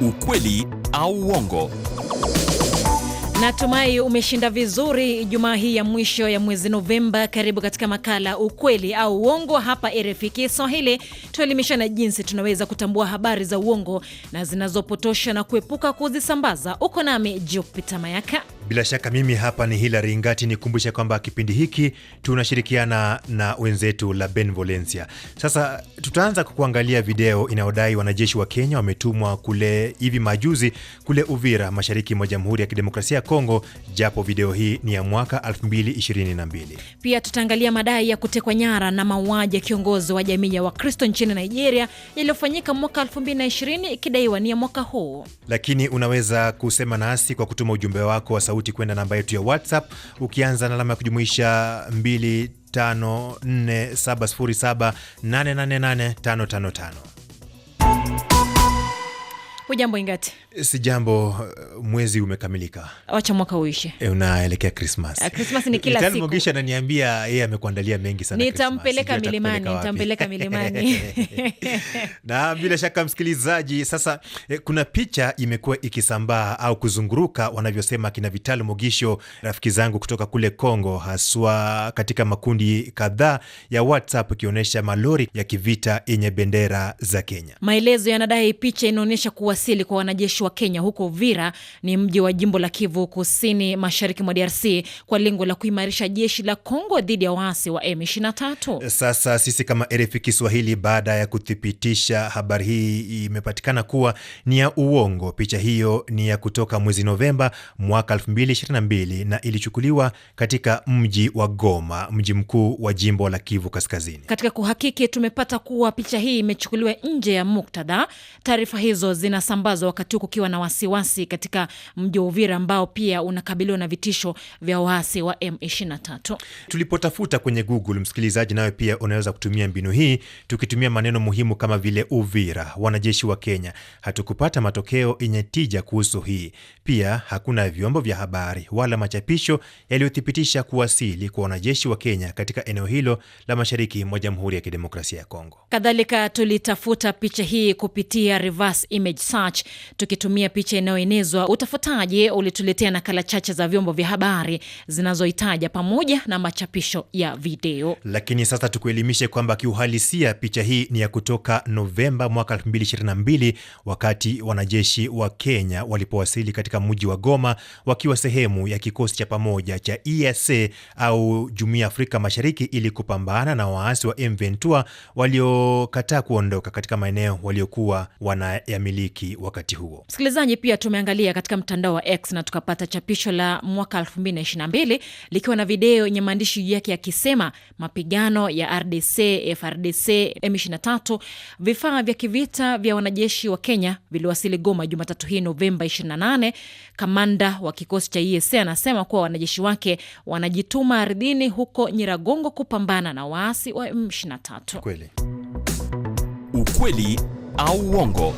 ukweli au uongo. Natumai umeshinda vizuri jumaa hii ya mwisho ya mwezi Novemba. Karibu katika makala ukweli au uongo hapa rf Kiswahili. Tuelimishana jinsi tunaweza kutambua habari za uongo na zinazopotosha na kuepuka kuzisambaza. Uko nami Jupita Mayaka. Bila shaka mimi hapa ni Hilary Ngati, nikumbushe kwamba kipindi hiki tunashirikiana na wenzetu la Benevolencia. Sasa tutaanza kwa kuangalia video inayodai wanajeshi wa Kenya wametumwa kule hivi majuzi kule Uvira, mashariki mwa Jamhuri ya Kidemokrasia ya Kongo, japo video hii ni ya mwaka 2022. Pia tutaangalia madai ya kutekwa nyara na mauaji ya kiongozi wa jamii ya Wakristo nchini Nigeria yaliyofanyika mwaka 2020 ikidaiwa ni ya mwaka huu. Lakini unaweza kusema nasi kwa kutuma ujumbe wako wa sauti sauti kwenda namba yetu ya WhatsApp ukianza na alama ya kujumuisha 254707888555. Hujambo Ingati. Si jambo, uh, mwezi umekamilika, wacha mwaka uishe. E, unaelekea Krismas. Krismas uh, ni kila siku. yeye amekuandalia mengi sana. Nitampeleka milimani, nitampeleka milimani na bila shaka msikilizaji, sasa e, kuna picha imekuwa ikisambaa au kuzunguruka wanavyosema kina vitalu mogisho rafiki zangu kutoka kule congo haswa katika makundi kadhaa ya WhatsApp ikionyesha malori ya kivita yenye bendera za Kenya. Maelezo yanadai picha inaonyesha kuwasili kwa wanajeshi wanajeshi wa Kenya huko Uvira, ni mji wa jimbo la Kivu Kusini, mashariki mwa DRC, kwa lengo la kuimarisha jeshi la Kongo dhidi ya waasi wa M23. Sasa sisi kama RFI Kiswahili, baada ya kuthibitisha habari hii, imepatikana kuwa ni ya uongo. Picha hiyo ni ya kutoka mwezi Novemba mwaka 2022 na ilichukuliwa katika mji wa Goma, mji mkuu wa jimbo la Kivu Kaskazini. Katika kuhakiki, tumepata kuwa picha hii imechukuliwa nje ya muktadha. Taarifa hizo zinasambazwa wakati huko kukiwa na wasiwasi katika mji wa Uvira ambao pia unakabiliwa na vitisho vya waasi wa M23. Tulipotafuta kwenye Google, msikilizaji, nawe pia unaweza kutumia mbinu hii, tukitumia maneno muhimu kama vile Uvira, wanajeshi wa Kenya. Hatukupata matokeo yenye tija kuhusu hii. Pia hakuna vyombo vya habari wala machapisho yaliyothibitisha kuwasili kwa wanajeshi wa Kenya katika eneo hilo la mashariki mwa Jamhuri ya Kidemokrasia ya Kongo. Kadhalika tulitafuta picha hii kupitia reverse image search tuki ulitumia picha inayoenezwa, utafutaje? Ulituletea nakala chache za vyombo vya habari zinazohitaja pamoja na machapisho ya video, lakini sasa tukuelimishe kwamba kiuhalisia picha hii ni ya kutoka Novemba mwaka 2022 wakati wanajeshi wa Kenya walipowasili katika mji wa Goma wakiwa sehemu ya kikosi cha pamoja cha EAC au jumuia Afrika Mashariki ili kupambana na waasi wa m waliokataa kuondoka katika maeneo waliokuwa wanayamiliki wakati huo. Msikilizaji, pia tumeangalia katika mtandao wa X na tukapata chapisho la mwaka 2022 likiwa na video yenye maandishi yake yakisema mapigano ya RDC FRDC M23 vifaa vya kivita vya wanajeshi wa Kenya viliwasili Goma Jumatatu hii Novemba 28. Kamanda wa kikosi cha EAC anasema kuwa wanajeshi wake wanajituma ardhini huko Nyiragongo kupambana na waasi wa M23. ukweli au uongo?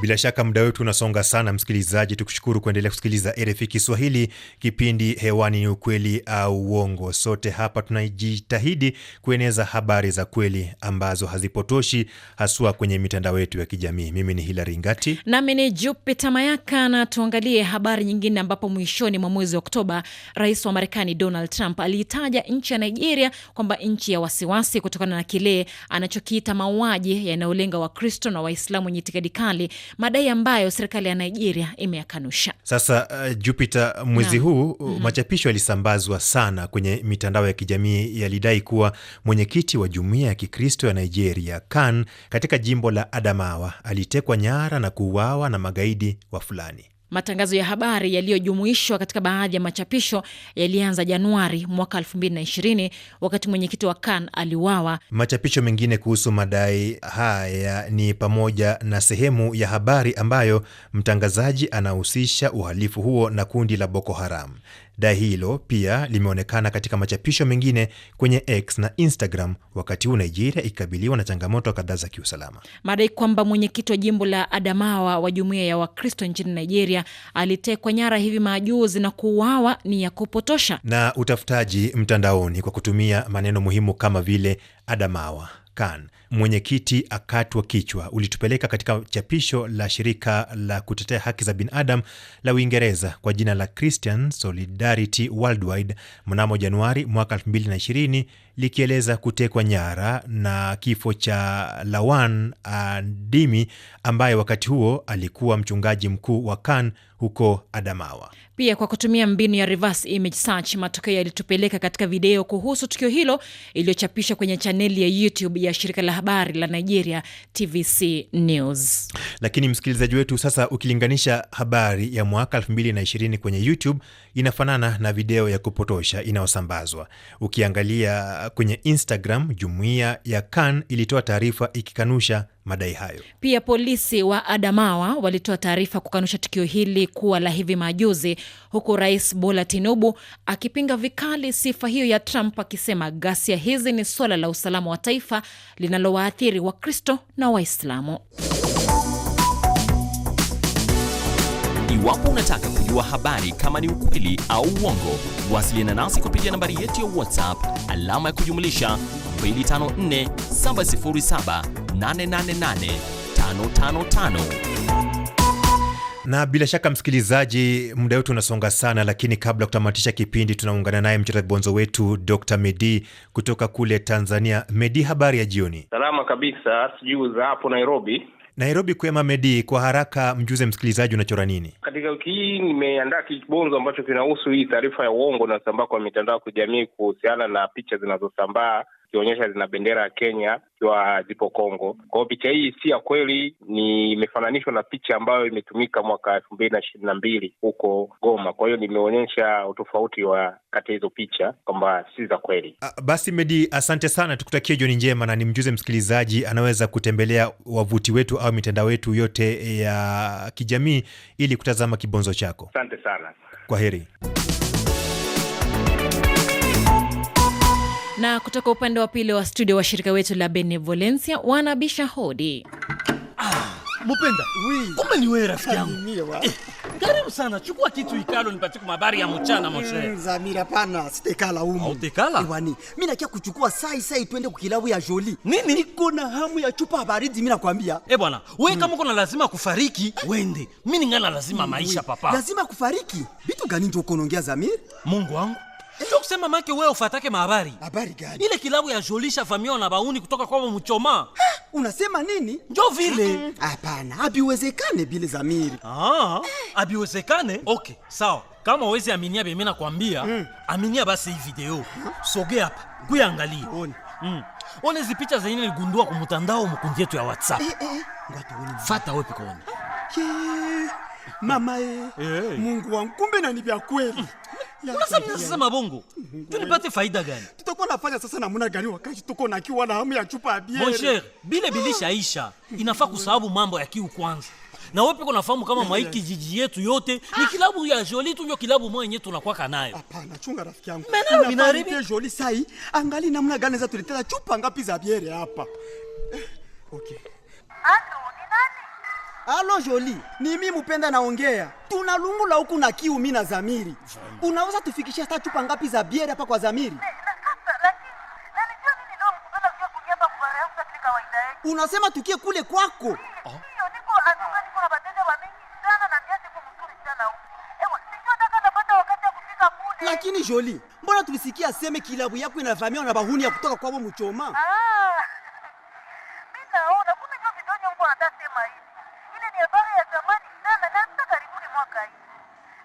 Bila shaka muda wetu unasonga sana, msikilizaji, tukushukuru kuendelea kusikiliza rf Kiswahili. Kipindi hewani ni ukweli au uongo. Sote hapa tunajitahidi kueneza habari za kweli ambazo hazipotoshi, haswa kwenye mitandao yetu ya kijamii. Mimi ni Hilari Ngati nami ni Jupita Mayaka, na tuangalie habari nyingine, ambapo mwishoni mwa mwezi wa Oktoba rais wa Marekani Donald Trump aliitaja nchi ya Nigeria kwamba nchi ya wasiwasi kutokana na kile anachokiita mauaji yanayolenga Wakristo na Waislamu wenye itikadi kali madai ambayo serikali ya Nigeria imeyakanusha. Sasa uh, Jupiter, mwezi na huu mm -hmm. machapisho yalisambazwa sana kwenye mitandao ya kijamii yalidai kuwa mwenyekiti wa jumuiya ya Kikristo ya Nigeria kan katika jimbo la Adamawa alitekwa nyara na kuuawa na magaidi wa Fulani. Matangazo ya habari yaliyojumuishwa katika baadhi ya machapisho yalianza Januari mwaka 2020 wakati mwenyekiti wa CAN aliuawa. Machapisho mengine kuhusu madai haya ni pamoja na sehemu ya habari ambayo mtangazaji anahusisha uhalifu huo na kundi la Boko Haram. Dai hilo pia limeonekana katika machapisho mengine kwenye X na Instagram, wakati huu Nigeria ikikabiliwa na changamoto kadhaa za kiusalama. Madai kwamba mwenyekiti wa jimbo la Adamawa wa jumuiya ya Wakristo nchini Nigeria alitekwa nyara hivi majuzi na kuuawa ni ya kupotosha. Na utafutaji mtandaoni kwa kutumia maneno muhimu kama vile Adamawa Khan, mwenyekiti akatwa kichwa, ulitupeleka katika chapisho la shirika la kutetea haki za binadamu la Uingereza kwa jina la Christian Solidarity Worldwide mnamo Januari mwaka 2020 likieleza kutekwa nyara na kifo cha Lawan Andimi uh, ambaye wakati huo alikuwa mchungaji mkuu wa Kan huko Adamawa. Pia kwa kutumia mbinu ya reverse image search, matokeo yalitupeleka katika video kuhusu tukio hilo iliyochapishwa kwenye chaneli ya YouTube ya shirika la habari la Nigeria TVC News. Lakini msikilizaji wetu, sasa ukilinganisha habari ya mwaka 2020 kwenye YouTube inafanana na video ya kupotosha inayosambazwa ukiangalia kwenye Instagram, jumuiya ya kan ilitoa taarifa ikikanusha madai hayo. Pia polisi wa Adamawa walitoa taarifa kukanusha tukio hili kuwa la hivi majuzi, huku Rais Bola Tinubu akipinga vikali sifa hiyo ya Trump akisema ghasia hizi ni suala la usalama wa taifa linalowaathiri Wakristo na Waislamu. Iwapo unataka kujua habari kama ni ukweli au uongo, wasiliana nasi kupitia nambari yetu ya WhatsApp alama ya kujumlisha 254 na bila shaka msikilizaji, muda wetu unasonga sana, lakini kabla ya kutamatisha kipindi, tunaungana naye mchora vibonzo wetu Dr Medi kutoka kule Tanzania. Medi, habari ya jioni? Salama kabisa, sijui za hapo Nairobi. Nairobi Kwema Medi, kwa haraka mjuze msikilizaji unachora nini katika wiki hii? Nimeandaa kibonzo ambacho kinahusu hii taarifa ya uongo inayosambaa kwa mitandao ya kijamii kuhusiana na picha zinazosambaa ikionyesha zina bendera ya Kenya ikiwa zipo Kongo. Kwa hiyo picha hii si ya kweli, ni imefananishwa na picha ambayo imetumika mwaka elfu mbili na ishirini na mbili huko Goma. Kwa hiyo nimeonyesha utofauti wa kati ya hizo picha kwamba si za kweli. A, ah, basi Medi, asante sana, tukutakie jioni njema, na nimjuze msikilizaji anaweza kutembelea wavuti wetu au mitandao yetu yote ya kijamii ili kutazama kibonzo chako. Asante sana, kwa heri. Na kutoka upande wa pili wa studio, wa shirika wetu la Benevolencia wanabisha hodi. Ah, Mupenda, kumbe ni wewe rafiki yangu. Eh, karibu sana, chukua kitu ikalo nipatie kwa ya mchana moshe. Mm, pana, sitekala umu. Utekala? Iwani, nakia kuchukua sai sai twende kukilabu ya joli Nini? Niko na hamu ya chupa habari mi nakwambia. e bwana, we mm. kama uko na lazima kufariki, wende. mi ningana lazima mm, maisha papa. Lazima kufariki? Vitu gani ndio uko unaongea Mungu wangu ndio kusema make wewe ufatake mahabari. Habari gani? Ile kilabu ya jolisha famio na bauni kutoka kwa mchoma. Unasema nini? Njo vile. Hapana, abiwezekane bile zamiri. Ah, abiwezekane. Okay, sawa. Kama uwezi aminia bime nakwambia, mm. Aminia basi hii video. Sogea hapa, kuiangalia. Mm. Ona. Mm. One hizo picha zenyewe niligundua kwa mtandao mkundi wetu ya WhatsApp. Eh, eh. Fata wewe pikooni. Mama eh. Hey. Mungu wangu kumbe na ni vya kweli. Sasa mnasema mabongo tunipate faida gani? Tutakuwa nafanya sasa namna gani wakati tuko na kiwa na hamu ya chupa ya biere? Mon cher, bile bilisha ah. isha, inafaa kusababu mambo ya kiu kwanza. Na wewe pekee unafahamu kama maiki jiji yetu yote ni ah. kilabu ya Jolie tu ndio kilabu mwa yenyewe tunakuwa nayo. Hapana, chunga rafiki yangu. Mimi na binaribi Jolie sai, angali namna gani za tuliteta chupa ngapi za biere hapa. Eh, okay. Ando. Alo Joli, ni mimi Mupenda naongea. Tuna la huku na kiu mimi na Zamiri. Unaweza tufikishia hata chupa ngapi za biere hapa kwa Zamiri? Unasema tukie kule kwako? Lakini Joli, mbona tulisikia seme kilabu yako inavamiwa na bahuni ya kutoka kwao mchoma? Ah. Mimi naona kumbe ndio vidonyo mbona atasema hivi. ugai.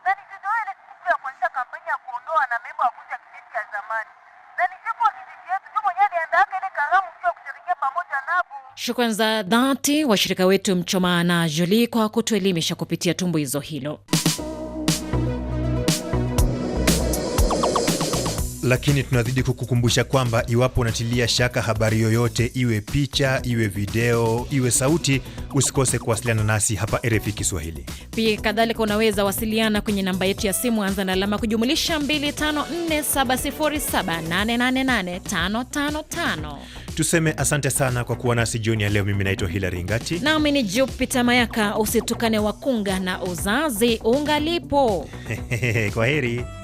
Na nisitoe siku ya kuanzisha kampeni ya kuondoa wanamemba wa kundi ya kijiji cha zamani, na nijepo kijiji yetu tu mwenyewe aliandaaka ile karamu sio kushirikia pamoja nabo. Shukran za dhati washirika wetu Mchoma na Jolie kwa kutuelimisha kupitia tumbo hizo hilo. Lakini tunazidi kukukumbusha kwamba iwapo unatilia shaka habari yoyote, iwe picha, iwe video, iwe sauti, usikose kuwasiliana nasi hapa RFI Kiswahili. Pia kadhalika unaweza wasiliana kwenye namba yetu ya simu, anza na alama kujumulisha 254707888555. Tuseme asante sana kwa kuwa nasi jioni ya leo. Mimi naitwa Hilari Ngati nami ni Jupita Mayaka. Usitukane wakunga na uzazi ungalipo. Kwa heri.